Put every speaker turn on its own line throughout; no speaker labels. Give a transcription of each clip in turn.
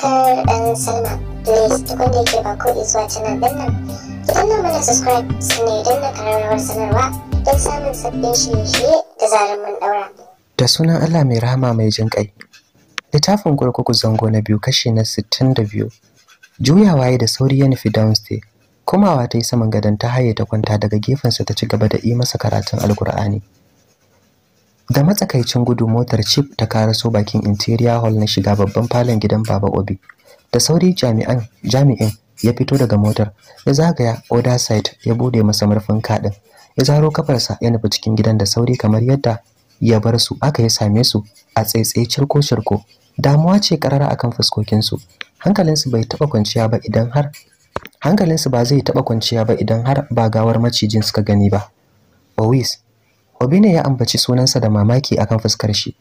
subscribe and sign up. Please da subscribe sanarwa don samun sabbin da sunan Allah mai rahama mai jin kai. Littafin kurkuku zango na biyu kashi na sittin da biyu. Juyawa ya da sauri ya nufi Downstay. Komawa ta yi saman gadon ta haye ta kwanta daga gefensa ta ci gaba da yi masa karatun Alkur'ani. da matsakaicin gudu motar chip ta karaso bakin interior hall na shiga babban falon gidan baba obi da sauri jami'an jami'in ya fito daga motar ya zagaya order site ya bude masa murfin kadin ya zaro kafarsa ya nufi cikin gidan da sauri kamar yadda ya bar su aka ya same su a tsaitsaye cirko-cirko damuwa ce karara akan fuskokinsu hankalinsu bai taba kwanciya ba idan har su ba zai taba kwanciya ba idan har ba gawar macijin suka gani ba Owis Obina ya ambaci sunansa da mamaki akan fuskar shi.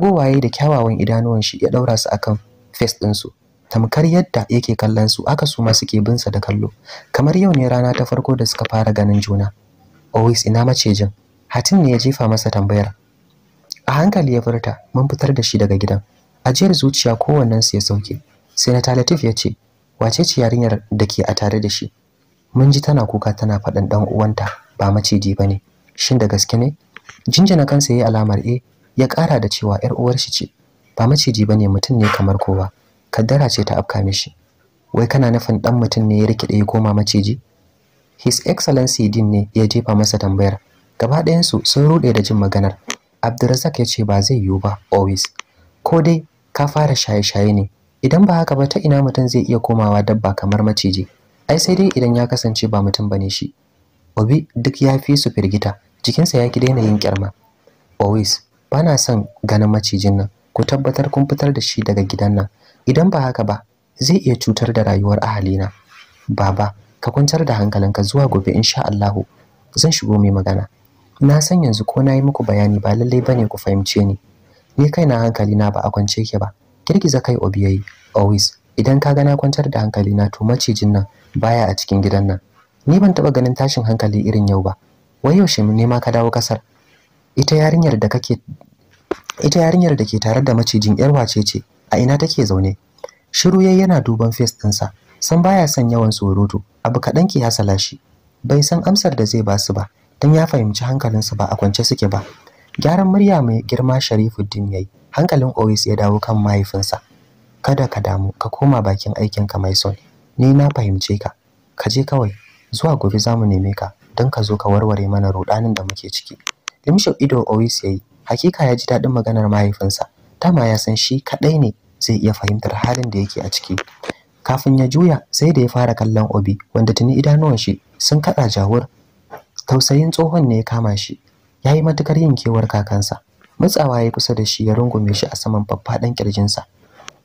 waye da kyawawan idanuwan shi ya daura su akan face su? Tamkar yadda yake kallon su aka su ma suke bin sa da kallo. Kamar yau ne rana ta farko da suka fara ganin juna. Always ina macijin. hatin ne ya jefa masa tambayar. A hankali ya furta, mun fitar da shi daga gidan. Ajiyar zuciya kowannen su ya sauke. Senator Latif ya ce, wace ce yarinyar da ke a tare da shi? Mun ji tana kuka tana faɗin ɗan uwanta ba maciji ba ne. shin da gaske ne na kansa yayi alamar e ya kara da cewa yar uwar shi ce ba maciji bane mutum ne kamar kowa kaddara ce ta afka mishi wai kana nufin dan mutum ne ya rikide ya koma maciji his excellency din ne ya jefa masa tambayar gaba ɗayan su sun rude da jin maganar Abdulrazak ya ce ba zai yiwu ba always ko dai ka fara shaye-shaye ne idan ba haka ba ta ina mutum zai iya komawa dabba kamar maciji ai sai dai idan ya kasance ba mutum bane shi obi duk ya fi su firgita jikinsa ya ki daina yin kyarma always Bana son ganin macijin nan ku tabbatar kun fitar da shi daga gidan nan idan ba haka ba zai iya cutar da rayuwar ahalina baba ka kwantar da hankalinka zuwa gobe insha Allahu zan shigo mai magana na san yanzu ko na yi muku bayani ba lallai bane ku fahimce ni ni kai na hankali na, ba a kwance ke ba girgiza kai obi yayi always idan ka ga na kwantar da na to macijin nan baya a cikin gidan nan ni ban taba ganin tashin hankali irin yau ba wai yaushe ne ma ka dawo kasar ita yarinyar da kake ita yarinyar da ke tare da macijin yar wace ce a ina take zaune shiru yayi yana duban face ɗinsa san baya son yawan surutu abu kaɗan ke hasala shi bai san amsar da zai basu ba Dan ya fahimci su ba a kwance suke ba gyaran murya mai girma sharifuddin yayi hankalin Owis ya dawo kan mahaifinsa kada ka damu ka koma bakin aikinka mai son ni na fahimce ka ka je kawai zuwa gobe za mu neme ka don ka zo ka warware mana rudanin da muke ciki limshin ido Owis yayi hakika ya ji daɗin maganar mahaifinsa Tama ya san shi kaɗai ne zai iya fahimtar halin da yake a ciki kafin ya juya sai da ya fara kallon Obi wanda tuni idanuwan shi sun kaɗa jawur tausayin tsohon ne ya kama shi yayi matukar yin kewar kakansa matsawa ya kusa da shi ya rungume shi a saman faffaɗan kirjinsa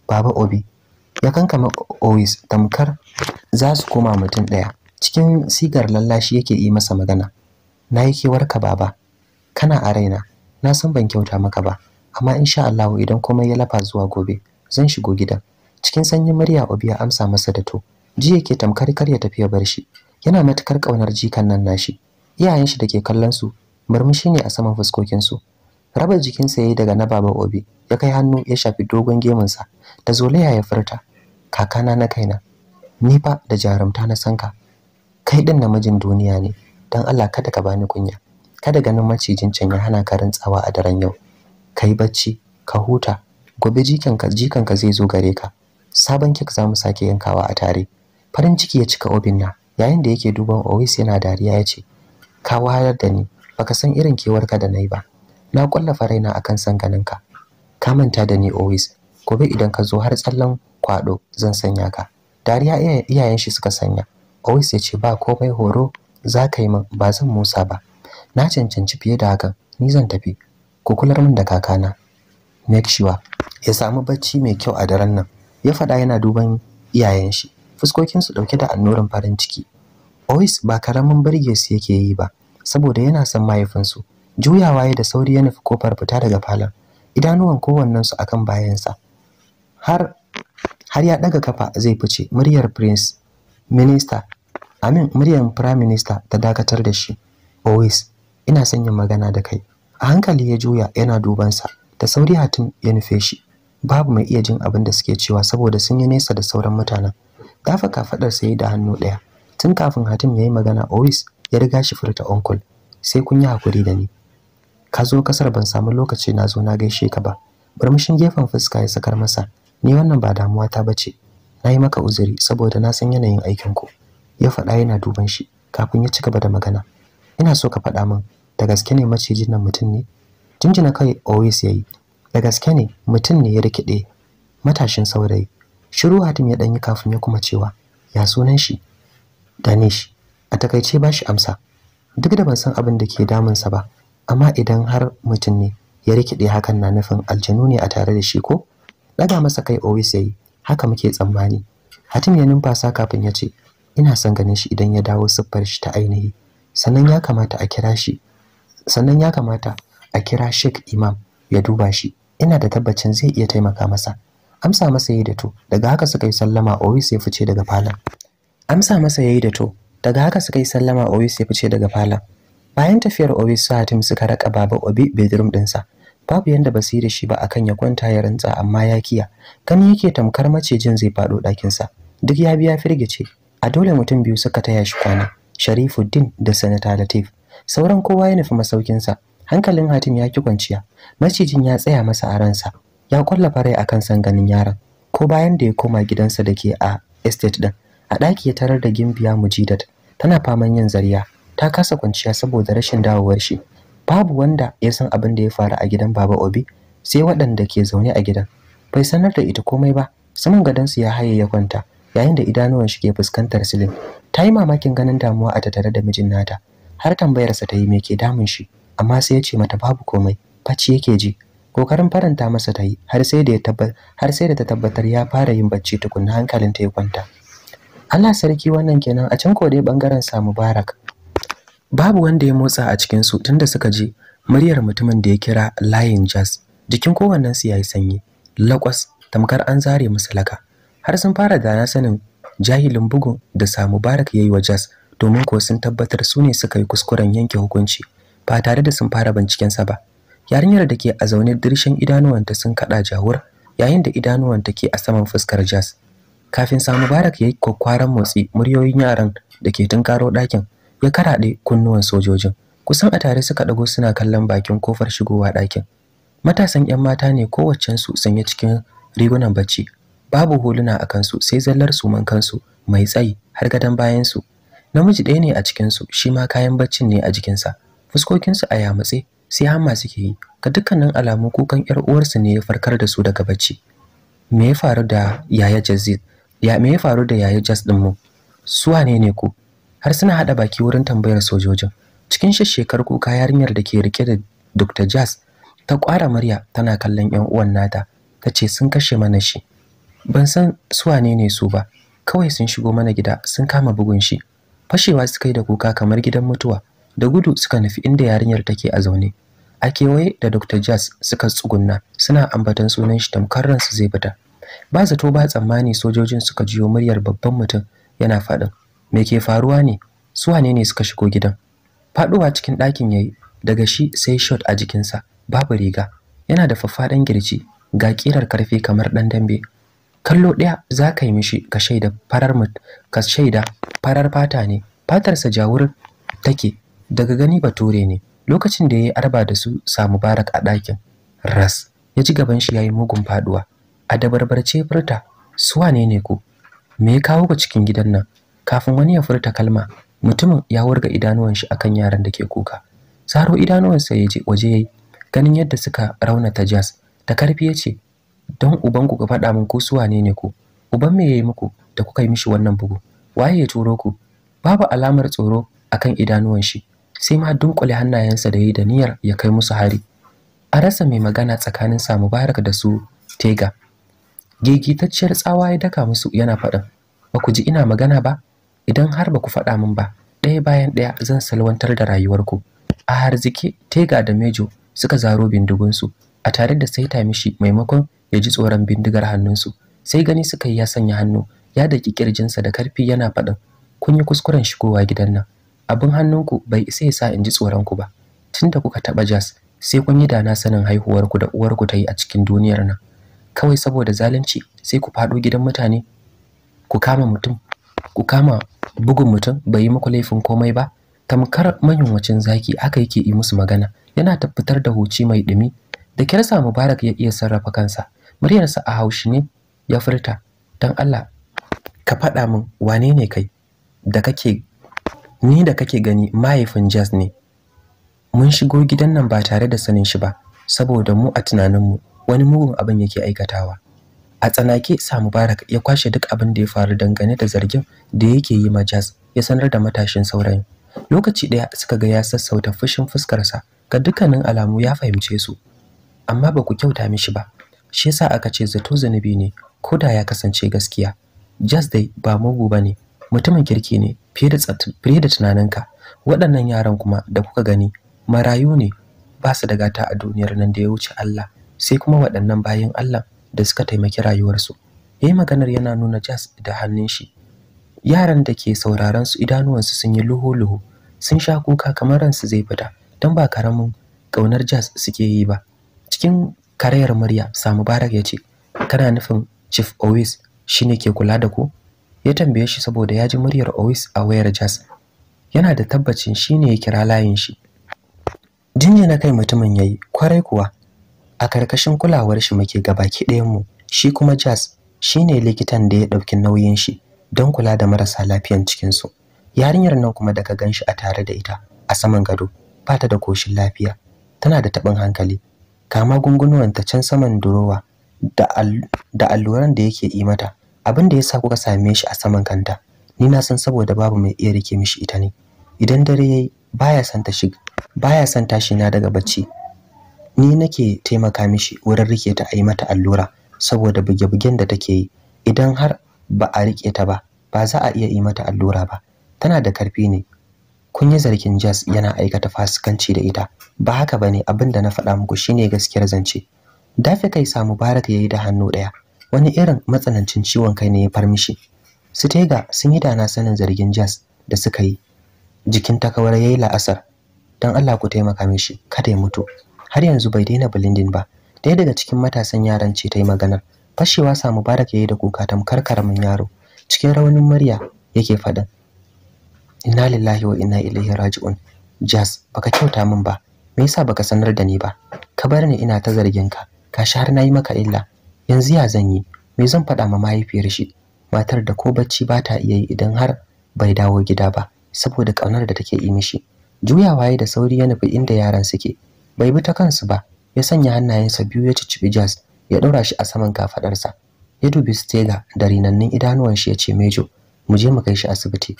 baba Obi ya kankama Owis tamkar za su koma mutum ɗaya cikin sigar lallashi yake yi masa magana na yi kewarka baba kana a raina na san ban kyauta maka ba amma insha Allah idan komai ya lafa zuwa gobe zan shigo gidan cikin sanyin murya Obi ya amsa masa da to ji yake tamkar kar ya tafi bar shi yana matukar kaunar jikan nan nashi iyayen shi dake kallon su murmushi ne a saman fuskokin su rabar sa yayi daga na baba Obi ya kai hannu ya shafi dogon gemun sa da zolaya ya furta kakana na kaina ni fa da jarumta na sanka kai din namijin duniya ne don Allah kada ka bani kunya kada ganin macijin can ya hana ka rantsawa a daren yau kai bacci ka huta gobe jikanka jikanka zai zo gare ka sabon kek za mu sake yankawa a tare farin ciki ya cika obin na yayin da yake duban Owis yana dariya ya ce ka wayar da ni baka san irin kewar ka da nayi ba na kwallafa raina akan san ganinka ka manta da ni Owis gobe idan ka zo har tsallan kwado zan sanya ka dariya iyayen shi suka sanya Always ya ce ba komai horo za ka yi min ba zan musa ba. Na cancanci fiye da hakan, ni zan tafi. Ku kular min da kakana. Make sure ya samu bacci mai kyau a daren nan. Ya faɗa yana duban iyayen shi. fuskokin su ɗauke da annoran farin ciki. Always ba karamin birge su yake yi ba, saboda yana son mahaifinsu. Juyawa ya da sauri ya nufi kofar fita daga falon. Idanuwan kowannensu akan bayansa. Har har ya ɗaga kafa zai fice muryar Prince minista amin muryar prime minister ta dakatar da shi always ina son yin magana da kai a hankali ya juya yana dubansa da sauri hatim ya nufe shi babu mai iya jin abin da suke cewa saboda sun yi nesa da sauran mutanen faka kafadar sai da hannu ɗaya tun kafin hatim ya yi magana always ya riga shi furta uncle sai kun yi hakuri da ni ka zo kasar ban samu lokaci na zo na gaishe ka ba murmushin gefen fuska ya sakar masa ni wannan ba damuwa ta bace na yi maka uzuri saboda na san yanayin aikinku ya faɗa yana duban shi kafin ya ci gaba da magana ina so ka faɗa min da gaske ne macijin nan mutum ne jinjina kai always yayi da gaske ne mutum ne ya rikide matashin saurayi shiru hatim ya danyi kafin ya kuma cewa ya sunan shi danish a takaice ba shi amsa duk da ban san abin da ke damun sa ba amma idan har mutum ne ya rikide hakan na nufin aljanu ne a tare da shi ko daga masa kai always yayi haka muke tsammani hatim ya numfasa kafin ya ce ina son ganin shi idan ya dawo siffar shi ta ainihi sannan ya kamata a kira shi sannan ya kamata a kira Sheikh Imam ya duba shi ina da tabbacin zai iya taimaka masa amsa masa yayi da to daga haka suka yi sallama Owis ya fice daga falon amsa masa yayi da to daga haka suka yi sallama Owis ya fice daga falon bayan tafiyar Owis su Hatim suka raka baba Obi bedroom dinsa babu yanda basira shi ba akan ya kwanta ya rantsa amma ya kiya gani yake tamkar macijin zai faɗo ɗakinsa duk ya biya firgice a dole mutum biyu suka taya shi kwana sharifuddin da sanata latif sauran kowa ya nufi masaukinsa hankalin hatim ya ki kwanciya macijin ya tsaya masa a ransa ya kwallafa rai akan san ganin yaron ko bayan da ya koma gidansa da ke a estate din a ɗaki ya tarar da gimbiya mujidat tana faman yin zariya ta kasa kwanciya saboda rashin dawowar shi babu wanda ya san abin da ya faru a gidan baba obi sai waɗanda ke zaune a gidan bai sanar da ita komai ba saman su ya haye ya kwanta yayin da idanuwan shi ke fuskantar silin ta yi mamakin ganin damuwa a tattare da mijin nata har tambayarsa ta yi me ke damun shi amma sai ya ce mata babu komai bacci yake ji kokarin faranta masa ta yi har sai da ya tabbatar har sai da ta tabbatar ya fara yin bacci tukunna ta ya kwanta Allah sarki wannan kenan a can ko dai bangaren sa Mubarak babu wanda ya motsa a cikin su tunda suka je muryar mutumin da ya kira layin jazz jikin kowannen su yayi sanyi lakwas tamkar an zare musu laka har sun fara dana sanin jahilin bugun da sa mubarak yayi wa jazz domin ko sun tabbatar su ne suka yi kuskuren yanke hukunci ba tare da sun fara binciken sa ba yarinyar da ke a zaune dirshin idanuwanta sun kada jawur yayin da idanuwanta ke a saman fuskar jazz kafin sa mubarak yayi kwakwaran motsi muryoyin yaran da ke tunkaro ɗakin ya karaɗe kunnuwan sojojin kusan a tare suka ɗago suna kallon bakin kofar shigowa ɗakin matasan 'yan mata ne kowaccensu sanye cikin rigunan bacci babu huluna a kansu sai zallar suman kansu mai tsayi har gadon bayansu namiji ɗaya ne a cikinsu shi ma kayan baccin ne a jikinsa fuskokinsu a yamutse sai hamma suke yi ga dukkanin alamu kukan 'yar uwarsu ne ya farkar da su daga bacci me ya faru da yaya jazid ya me ya faru da yaya jas din mu su wane ne ku har suna haɗa baki wurin tambayar sojojin cikin shekar kuka yarinyar da ke rike da dr jazz ta kwara murya tana kallon yan uwan nata ta ce sun kashe mana shi ban san su wane ne su ba kawai sun shigo mana gida sun kama bugun shi fashewa suka yi da kuka kamar gidan mutuwa da gudu suka nufi inda yarinyar take a zaune a kewaye da dr jazz suka tsugunna suna ambaton sunan shi tamkar ransu zai fita ba zato ba tsammani sojojin suka jiyo muryar babban mutum yana faɗin me ke faruwa ne su wane ne suka shigo gidan faduwa cikin ɗakin yayi daga shi sai shot a jikinsa babu riga yana da faffaɗan girji ga ƙirar karfe kamar ɗan dambe kallo ɗaya za ka yi mishi ka shaida farar mut ka shaida farar fata ne fatarsa jawur take daga gani bature ne lokacin da ya yi arba da su sa mubarak a ɗakin ras ya ji gaban shi ya yi mugun faduwa a dabarbarce furta su wane ne ku me ya kawo ku cikin gidan nan kafin wani ya furta kalma mutumin ya wurga idanuwan shi akan yaran da ke kuka saro idanuwansa ya je waje yayi ganin yadda suka raunata jazz da karfi ya ce don ku ka faɗa min ku su wane ne ku uban me yayi muku da kuka yi mishi wannan bugu waye ya turo ku babu alamar tsoro akan idanuwan shi sai ma dunkule hannayensa da yayi da niyyar ya kai musu hari a rasa mai magana tsakanin sa mubarak da su tega gigitacciyar tsawa ya daka musu yana faɗin ba ku ji ina magana ba idan har ba ku faɗa min ba ɗaya bayan ɗaya zan salwantar da rayuwarku a harzike tega da mejo suka zaro bindigunsu a tare da saita mishi maimakon ya ji tsoron bindigar hannunsu sai gani suka yi ya sanya hannu ya daki kirjinsa da karfi yana faɗin kun yi kuskuren shigowa gidan nan abin hannunku bai isa ya sa in ji tsoronku ba tunda kuka taɓa jas sai kun yi dana sanin haihuwarku da uwarku ta yi a cikin duniyar nan kawai saboda zalunci sai ku faɗo gidan mutane ku kama mutum ku kama bugun mutum bai yi muku laifin komai ba tamkar mayunwacin zaki haka yake yi musu magana yana tabbatar da huci mai dumi da kirsa mubarak ya iya sarrafa kansa muryarsa a haushi ne ya furta dan allah ka faɗa min wane ne kai da kake ni da kake gani mahaifin jazz ne mun shigo gidan nan ba tare da sanin shi ba saboda mu a tunaninmu wani mugun abin yake aikatawa a tsanake sa mubarak ya kwashe duk abin da ya faru dangane da zargin da yake yi majaz ya sanar da matashin saurayin lokaci ɗaya suka ga ya sassauta fushin fuskarsa ga dukkanin alamu ya fahimce su amma ba ku kyauta mishi ba shi yasa aka ce zato zunubi ne ko da ya kasance gaskiya jaz dai ba mugu ba ne mutumin kirki ne fiye da tunaninka waɗannan yaran kuma da kuka gani marayu ne ba su da gata a duniyar nan da ya wuce Allah sai kuma waɗannan bayan Allah da suka taimaki rayuwarsu ya yi maganar yana nuna jazz da hannun shi yaran da ke sauraron su idanuwansu sun yi luhu-luhu sun sha kuka kamar ransu zai fita don ba karamin ƙaunar jazz suke yi ba cikin karayar murya samu barak ya ce kana nufin chief owis shine ke kula da ku ya tambaye shi saboda ya ji muryar owis a wayar jazz yana da tabbacin shi ne ya kira layin shi jinjina kai mutumin yayi kwarai kuwa a karkashin kulawar shi muke gabaki ɗayan mu shi kuma Jazz shine likitan da ya ɗauki nauyin shi don kula da marasa lafiyan cikin su yarinyar nan kuma daga ganshi a tare da ita a saman gado ba ta da koshin lafiya tana da taɓin hankali kama gungunuwan ta can saman durowa da alluran da yake yi mata abin da sa kuka same shi a saman kanta ni na san saboda babu mai iya rike mishi ita ne idan dare yayi baya san ta shiga baya san tashi na daga bacci ni nake taimaka mishi wurin rike ta a mata allura saboda buge-bugen da take yi idan har ba a rike ta ba ba za a iya yi mata allura ba tana da karfi ne kun yi zargin Jazz yana aikata fasikanci da ita ba haka bane abin da na faɗa muku shine gaskiyar zance dafe kai sa Mubarak yayi da hannu ɗaya wani irin matsanancin ciwon kai ne ya far mishi Stega sun yi dana sanin zargin Jazz da suka yi jikin takawar yayi la'asar Don Allah ku taimaka mishi kada ya mutu har yanzu bai daina blending ba Daya daga cikin matasan yaran ce ta yi maganar fashewa sa mubarak ya yi da kuka tamkar karamin yaro cikin raunin murya yake faɗin inna lillahi wa inna ilaihi raji'un jazz baka kyauta min ba me yasa baka sanar da ni ba ka bar ni ina ta zargin ka Kashi shi har nayi maka illa yanzu ya zanyi. me zan faɗa ma mahaifiyar shi matar da ko bacci ba ta iya yi idan har bai dawo gida ba saboda ƙaunar da take yi mishi juyawa ya da sauri ya nufi inda yaran suke bai bi ta kansu ba ya sanya hannayensa biyu ya cicibi jazz ya ɗora shi a saman kafaɗarsa ya dubi stega da rinannun idanuwan shi ya ce mejo mu je mu kai shi asibiti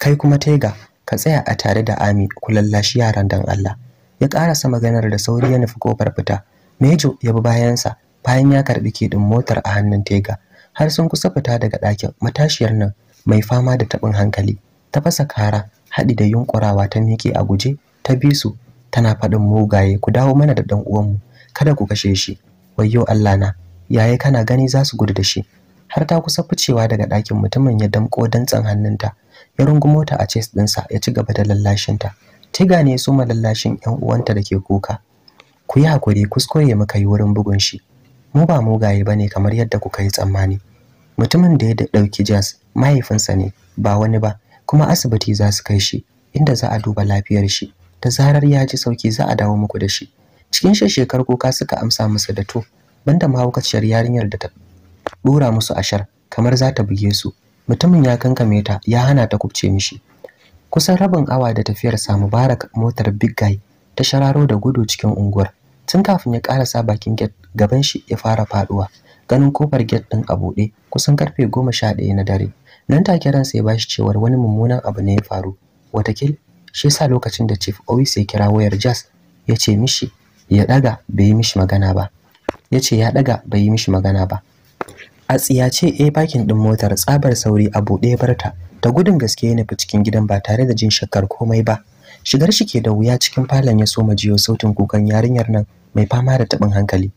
kai kuma tega ka tsaya a tare da ami ku lallashi yaran dan Allah ya karasa maganar da sauri ya nufi kofar fita mejo ya bi bayansa bayan ya karbi kidin motar a hannun tega har sun kusa fita daga ɗakin matashiyar nan mai fama da taɓin hankali ta fasa kara haɗi da yunƙurawa ta miƙe a guje ta bi su tana faɗin mugaye ku dawo mana da ɗan uwanmu kada ku kashe shi wayyo Allah na yaye kana gani za su gudu da shi har ta kusa ficewa daga ɗakin mutumin ya damƙo dantsan hannunta ya rungumo ta a chest ɗinsa ya ci gaba da lallashinta tiga ne su lallashin ƴan uwanta da ke kuka ku yi hakuri kuskure muka yi wurin bugun shi mu ba mugaye bane kamar yadda kuka yi tsammani mutumin da ya ɗauki jaz mahaifinsa ne ba wani ba kuma asibiti za su kai shi inda za a duba lafiyar shi da zarar ya ji sauki za a dawo muku da shi cikin shekar kuka suka amsa musu da to banda mahaukaciyar yarinyar da ta dora musu ashar kamar za ta buge su mutumin ya kankame ta ya hana ta kubce mishi kusan rabin awa da tafiyar sa mubarak motar big guy ta shararo da gudu cikin unguwar tun kafin ya karasa bakin gate gaban shi ya fara faduwa ganin kofar gate din a buɗe kusan karfe ɗaya na dare nan take ransa ya bashi cewar wani mummunan abu ne ya faru watakil shi yasa lokacin da chief owis ya kira wayar jazz ya ce mishi ya daga bai yi mishi magana ba ya ce ya daga bai mishi magana ba a tsiyace eh, a bakin din motar tsabar sauri a buɗe barta da gudun gaske ya nufi cikin gidan ba tare da jin shakkar komai ba shigar shi ke da wuya cikin falon ya soma jiyo sautin kukan yarinyar nan mai fama da tabin hankali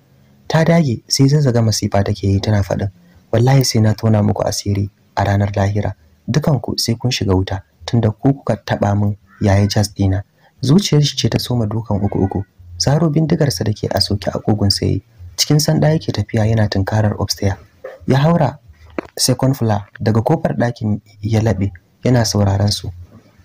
ta dage sai zazzaga masifa take yi tana faɗin wallahi sai na tona muku asiri a ranar lahira dukanku sai kun shiga wuta tunda ku kuka taɓa min yayi jas dina zuciyar shi ce ta soma dukan uku uku zaro bindigarsa da ke a soke a kogon sai cikin sanda yake tafiya yana tunkarar upstairs ya haura second floor daga kofar ɗakin ya laɓe yana sauraron su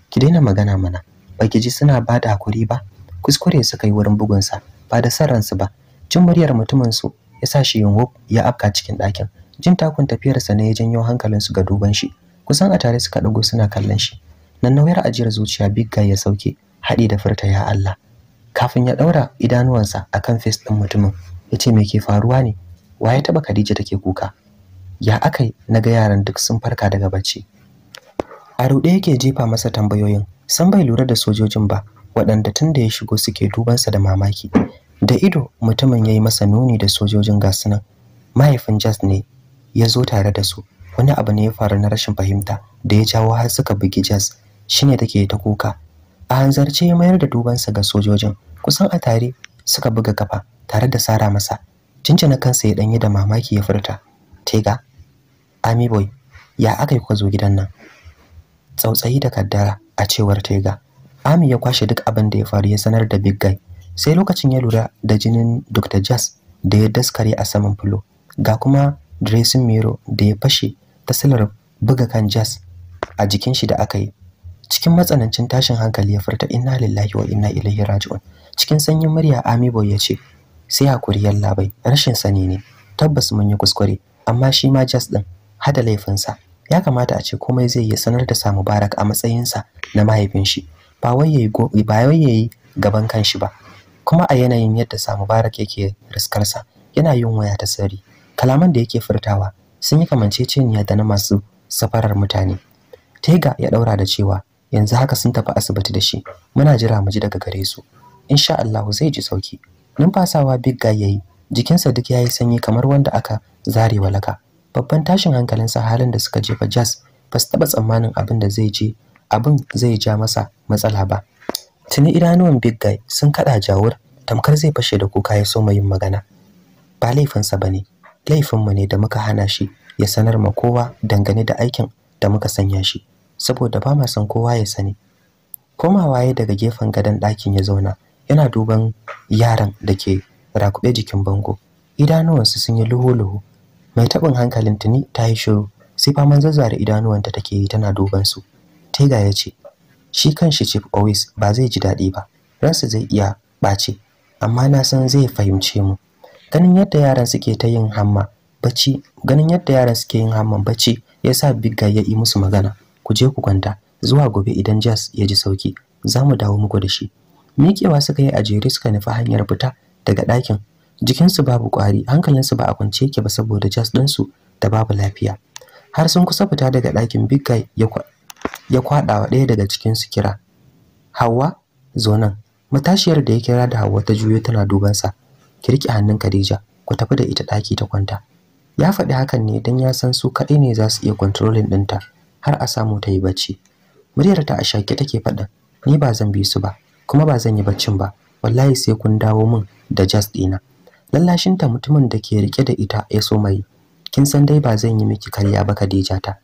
ki daina magana mana ba ki ji suna ba da hakuri ba kuskure suka yi wurin sa ba da san ransu ba jin muryar mutumin su ya sa shi yin ya afka cikin ɗakin jin takun tafiyarsa ne ya janyo hankalinsu ga duban shi kusan a tare suka ɗago suna kallon shi nan nauyar ajiyar zuciya bigga ya sauke haɗi da furta ya Allah kafin ya ɗaura idanuwansa akan face ɗin mutumin ya ce me ke faruwa ne wa ya taɓa Khadija take kuka ya akai na ga yaran duk sun farka daga bacci a ruɗe yake jefa masa tambayoyin san bai lura da sojojin ba waɗanda tun da ya shigo suke dubansa da mamaki da ido mutumin ya yi masa nuni da sojojin gasu nan mahaifin jas ne ya zo tare da su wani abu ne ya faru na rashin fahimta da ya jawo har suka bugi jas shine take ta kuka a hanzarce ya mayar da dubansa ga sojojin kusan a tare suka buga kafa tare da sara masa cincina kansa ya danyi da mamaki ya furta tega ami boy ya aka yi kwazo gidan nan tsautsayi da kaddara a cewar tega ami ya kwashe duk abin da ya faru ya sanar da big guy sai lokacin ya lura da jinin dr jazz da ya daskare a saman fulo ga kuma dressing mirror da ya fashe ta buga kan jazz a jikin shi da aka yi cikin matsanancin tashin hankali ya furta inna lillahi wa inna ilaihi raji'un cikin sanyin murya Amibo ya ce sai hakuri yalla bai rashin sani ne tabbas mun yi kuskure amma shi ma Jas din hada laifinsa ya kamata a ce komai zai yi sanar da sa Mubarak a matsayinsa na mahaifin shi ba wai yayi ba wai yayi gaban kanshi ba kuma a yanayin yadda sa Mubarak yake riskarsa yana yin waya ta sirri kalaman da yake furtawa sun yi kamanceceniya da na masu safarar mutane Tega ya daura da cewa yanzu haka sun tafi asibiti da shi muna jira mu ji daga gare su insha Allah zai ji sauki numfasawa big guy yayi jikinsa duk yayi sanyi kamar wanda aka zare walaka babban tashin hankalinsa halin da suka jefa jazz ba su taɓa tsammanin abin da zai je abin zai ja masa matsala ba tuni idanuwan big guy sun kaɗa jawur tamkar zai fashe da kuka ya so yin magana ba laifinsa ba ne laifinmu ne da muka hana shi ya sanar ma kowa dangane da aikin da muka sanya shi saboda ba ma son kowa ya sani komawa ya daga gefen gadon ɗakin ya zauna yana duban yaran da ke rakuɓe jikin bango idanuwansu sun yi luhu-luhu mai taɓin hankalin tuni ta yi shiru sai faman zazzare idanuwanta take yi tana duban su tega ya ce shi kanshi chief Owis ba zai ji daɗi ba ransa zai iya ɓace amma na san zai fahimce mu ganin yadda yaran suke ta yin hamma bacci ganin yadda yaran suke yin hamman bacci sa bigga ya yi musu magana ku je ku kwanta zuwa gobe idan Jas ya ji sauki za mu dawo muku da shi miƙewa suka yi a jere suka nufi hanyar fita daga ɗakin jikinsu babu ƙwari hankalinsu ba a kwance yake ba saboda Jas ɗinsu da babu lafiya har sun kusa fita daga ɗakin Big Guy ya kwaɗawa ɗaya daga cikinsu kira hawa zo nan matashiyar da ya kira da hawa ta juyo tana duban sa ki riƙe hannun Khadija ku tafi da ita ɗaki ta kwanta ya faɗi hakan ne don ya san su kaɗai ne za su iya kontrolin ɗinta har a samu ta yi bacci muryar ta a shake take faɗin ni ba zan bi su ba kuma ba zan yi baccin ba wallahi sai kun dawo min da jaz ɗina lallashin ta mutumin da ke rike da ita ya so mai kin san dai ba zan yi miki karya ba Khadija ta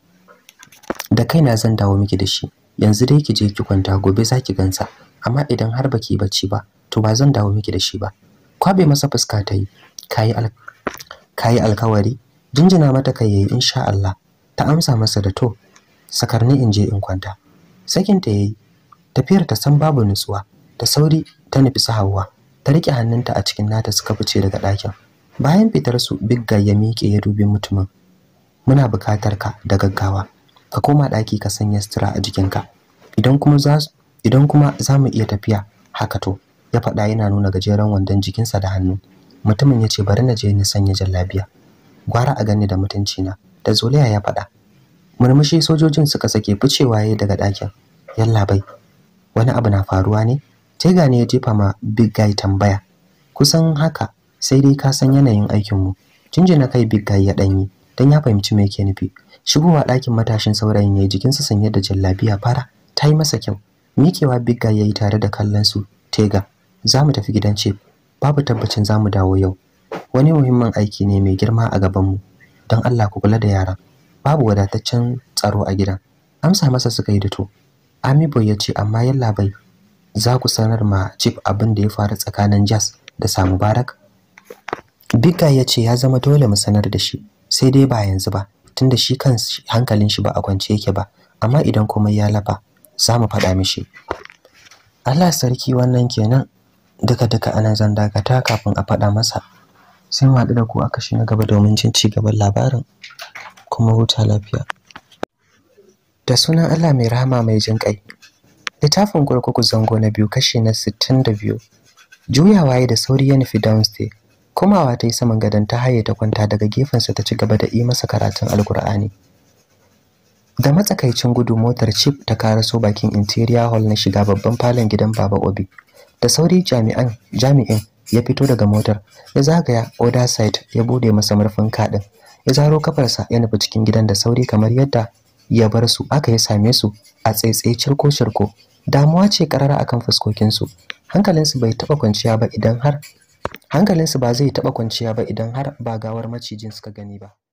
da kaina zan dawo miki da shi yanzu dai ki je ki kwanta gobe za ki gansa amma idan har baki bacci ba to ba zan dawo miki da shi ba kwabe masa fuska ta yi ka al alkawari jinjina mata kai yayi insha Allah ta amsa masa da to sakarni in je in kwanta sakinta yayi tafiyar ta san babu nutsuwa da sauri ta nufi sahawa ta rike hannunta a cikin nata suka fice daga ɗakin bayan fitar su bigga ya miƙe ya dubi mutumin muna buƙatar ka da gaggawa ka koma ɗaki ka sanya sutura a jikinka idan kuma za idan kuma za mu iya tafiya haka to ya faɗa yana nuna gajeren wandon jikinsa da hannu mutumin ya ce bari na je ni sanya jallabiya gwara a gani da mutuncina da zuliya ya faɗa murmushi sojojin suka sake ficewa daga dakin. yalla bai wani abu na faruwa ne tega ne ya jefa ma big guy tambaya kusan haka sai dai ka san yanayin aikin mu na kai big guy ya danyi dan ya fahimci me yake nufi shigowa ɗakin matashin saurayin yi, jikinsa sanye da jallabiya fara ta yi masa kyau mikewa big guy yayi tare da kallon su tega za mu tafi gidan ce babu tabbacin za mu dawo yau wani muhimmin aiki ne mai girma a gabanmu don Allah ku kula da yaran babu wadataccen tsaro a gidan amsa masa suka yi da to amibo ya ce amma yalla bai za ku sanar ma chief abin da ya faru tsakanin Jazz da Sa Mubarak Bigga ya ce ya zama dole mu sanar da shi sai dai ba yanzu ba tunda shi kan hankalin shi ba a kwance yake ba amma idan komai ya lafa za mu faɗa mishi Allah sarki wannan kenan duka duka ana zan dakata kafin a faɗa masa sai mu haɗu da ku a kashi na gaba domin jin ci gaban labarin kuma huta lafiya da sunan Allah mai rahama mai jin kai littafin kurkuku zango na biyu kashi na 62 juyawa ya da sauri ya nufi downstay komawa ta yi saman gadon ta haye ta kwanta daga gefensa ta ci gaba da yi masa karatun alkur'ani da matsakaicin gudu motar chip ta karaso bakin interior hall na shiga babban falon gidan baba obi da sauri jami'an jami'in ya fito daga motar ya zagaya order site ya bude masa murfin kaɗin. ya zaro kafarsa ya nufi cikin gidan da sauri kamar yadda ya bar su aka ya same su a tsaitsaye cirko cirko damuwa ce karara akan fuskokinsu hankalinsu bai taba kwanciya ba idan har hankalinsu ba zai taba kwanciya ba idan har ba gawar macijin suka gani ba